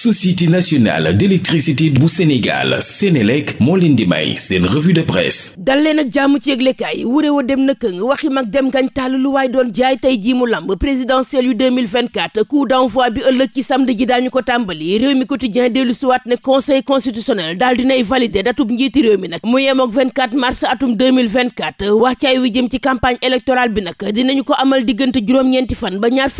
société nationale d'électricité bu Sénégal Sénélec moo leen di may seen revue de presse dal leen ak jàmm ci yëglekaay wuré wa dem na këng waxi mag dem ngañ tàll lu waay doon jaay tey jii mu présidentielle yu coup d'envoi bi ëllëg ci samedi ji daañu ko tàmbali réew mi quotidien dellu siwaat ne conseil constitutionnel daal dinay valider datub njiiti réew mi nag mu yem mars atum 2024 wi jëm ci campagne électorale bi nag dinañu ko amal fan ba ñaar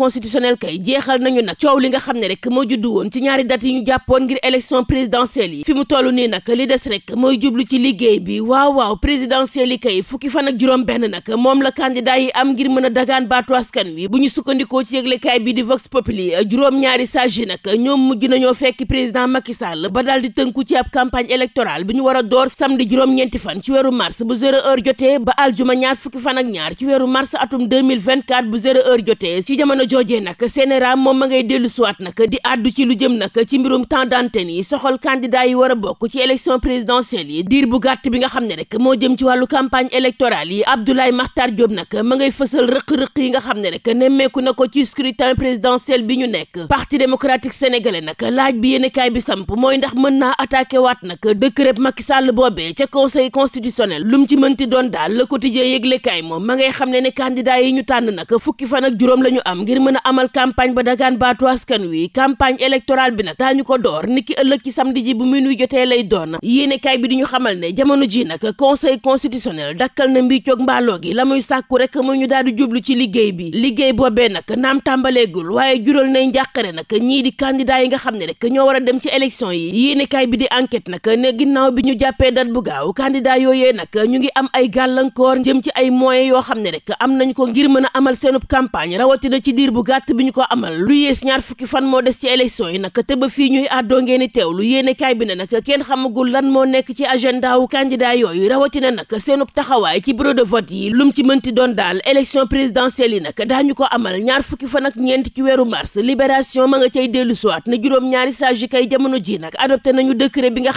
constitutionnel kay jeexal nañu nag coow li nga xam ne rek moo juddu woon ci ñaari date yi ñu jàppoon ngir élection présidentielle yi fi mu toll nii nag li des rek mooy jublu ci liggéey bi waaw présidentielle kay fukki fan juróom benn nag moom la candidat yi am ngir mën a dagaan baatu askan wi bu ñu sukkandikoo ci yëglekaay bi di Vox Populi juróom-ñaari sages yi nag ñoom mujj nañoo fekki président Macky Sall ba daal tënku ci ab campagne électorale a ci weeru mars bu zéro heure jotee ba aljuma ñaar fukki fan ak ñaar ci joojee nag CNRA moom ma ngay dellu suwaat nag di àddu ci lu jëm nag ci mbirum temps d'antenne yi soxal candidat yi war a bokk ci élection présidentielle yi diir bu gàtt bi nga xam ne rek moo jëm ci wàllu campagne électorale yi Abdoulaye Makhtar Diop nag ma ngay fësal rëq-rëq yi nga xam ne rek nemmeeku na ko ci scrutin présidentiel bi ñu nekk parti démocratique sénégalais nag laaj bi yéenekaay bi samp mooy ndax mën naa attaqué waat nag décret Sall boobee ca conseil constitutionnel lu mu ci mënti doon daal le quotidien yëglekaay moom ma ngay ne ne candidat tànn nag fukki fan ak juróom la ñu am ngir ngir mën a amal campagne ba dagaan baatu askan wi campagne électorale bi nag daañu ko door niki ëllëg ci samedi ji bu minuy jotee lay doon yéenekaay bi di ñu xamal ne jamono ji nag conseil constitutionnel dakkal na mbiccoog mbaaloo gi la muy sàkku rek mu ñu daal di jublu ci liggéey bi liggéey boobee nag naam tàmbaleegul waaye jural nay njàqare nag ñii di candidat yi nga xam ne rek ñoo war a dem ci élection yi yéenekaay bi di enquête nag ne ginnaaw bi ñu jàppee dat bu gaaw candidat yooyee nag ñu ngi am ay gàllankoor jëm ci ay moyens yoo xam ne rek am nañ ko ngir mën a amal seenub campagne diir bu gàtt bi ñu ko amal lu yées ñaar fukki fan moo des ci élection yi nag te fii ñuy àddoo ngeen di teewlu yéene kaay bi ne nag kenn xamagul lan moo nekk ci agenda wu yooyu rawatina nag seenub taxawaay ci bureau de vote yi lum ci mënti doon daal élection présidentielle yi nag daañu ko amal ñaar fukki fan ak ñeent ci weeru mars libération ma nga cay dellu siwaat na juróom-ñaari sages yi kay jamono ji nag adopté nañu décret bi nga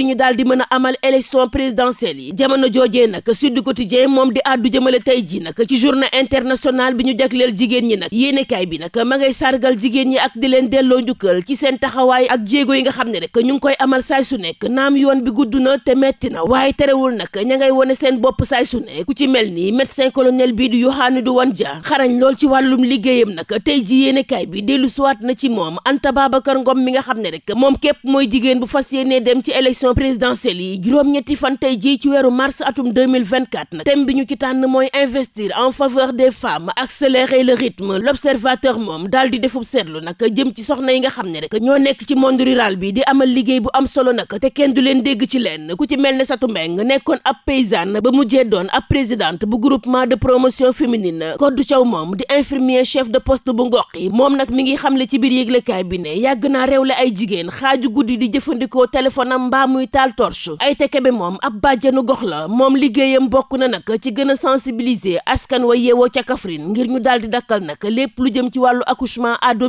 xam a amal élection présidentielle joojee nag Sud Quotidien moom di àddu jëmale tey ji nag ci journée internationale bi ñu jagleel jigéen ñi nag yéenekaay bi nag ma ngay sargal jigéen ñi ak di leen delloo njukkal ci seen taxawaay ak jéego yi nga xam ne rek ñu ngi koy amal saay su nekk naam yoon bi gudd na te metti na waaye terewul nag ña ngay wone seen bopp saay su ne ku ci mel ni médecin colonel bii di Yohani Wanja xarañ lool ci wàllum liggéeyam nag tey ji yéenekaay bi dellu suwaat na ci moom Anta Babacar Ngom mi nga xam ne rek moom képp mooy jigéen bu fas yéenee dem ci élection présidentielle yi juróom fan tey ji ci weeru mars atum 2024 nag thème bi ñu ci tànn mooy investir en faveur des femmes accélérer le rythme l'observateur moom daal di defub seetlu nag jëm ci soxna yi nga xam ne rek ñoo nekk ci monde rural bi di amal liggéey bu am solo nag te kenn du leen dégg ci leen ku ci mel ne Satu Mbeng nekkoon ab paysanne ba mujjee doon ab présidente bu groupement de promotion féminine Koddu Caw moom di infirmier chef de poste bu ngox yi moom nag mi ngi xam xamle ci biir yëglekaay bi ne yàgg naa réewle ay jigéen xaaju guddi di jëfandikoo téléphone am mbaa muy taal ay tekebe moom ab bàjjanu gox la moom liggéeyam bokk na nag ci gën a sensibiliser askan wa yeewoo ca Kaffrine ngir ñu daal di dakkal nag lépp lu jëm ci wàllu accouchement à la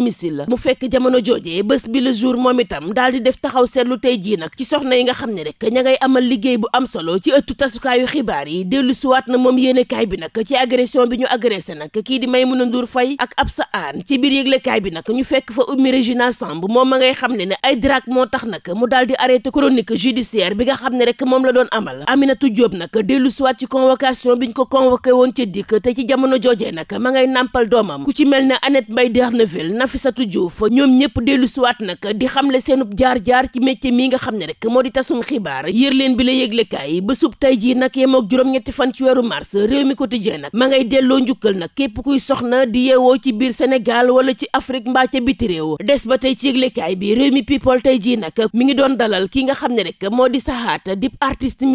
mu fekk jamono joojee bés bi le jour moom itam daal di def taxaw seetlu tey jii nag ci soxna yi nga xam ne rek ña ngay amal liggéey bu am solo ci ëttu tasukaayu xibaar yi dellu suwaat na moom yéenekaay bi nag ci agression bi ñu agressé nag kii di may Maimouna Ndour Faye ak Absa Anne ci biir yëglekaay bi nag ñu fekk fa Oumy Regina Samb moom ma ngay xam ne ne ay drague moo tax nag mu daal di arrêté chronique judiciaire bi nga xam ne rek moom la doon amal Aminata Diop Diop nag dellu siwaat ci convocation bi ñu ko convoqué woon ca dikk te ci jamono joojee nag ma ngay nàmpal doomam ku ci mel ne Annette Mbaye Derneville Nafissatou Diouf ñoom ñëpp dellu siwaat nag di xamle seenub jaar-jaar ci métier mi nga xam ne rek moo di tasum xibaar yër leen bi la yëglekaay ba sub tey jii nag yemook juróom-ñetti fan ci weeru mars réew mi ko quotidien nag ma ngay delloo njukkal nag képp kuy soxna di yeewoo ci biir Sénégal wala ci Afrique mbaa ca biti réew des ba tey ci yëglekaay bi réew mi people tey jii nag mi ngi doon dalal ki nga xam ne rek moo di saxaat dip artiste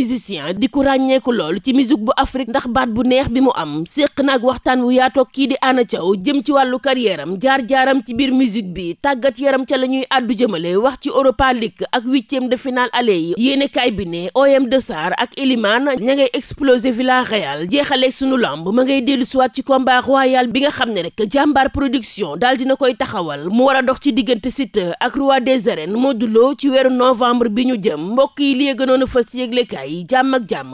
di ko ràññeeku lool ci musique bu Afrique ndax baat bu neex bi mu am séq naag waxtaan wu yaatoog kii di Anna Thiaw jëm ci wàllu carrière am jaar-jaaram ci biir musique bi tàggat yaram ca la ñuy àddu jëmale wax ci Europa League ak huitième de finale aller yi yéenekaay bi ne OM de sar ak Elimane ña ngay explosé Villarreal jeexale sunu lamb ma ngay dellu siwaat ci combat royal bi nga xam ne rek jàmbaar production daal dina koy taxawal mu war a dox ci diggante Siteu ak roi des arènes ci weeru novembre bi ñu jëm mbokk yi li gënoon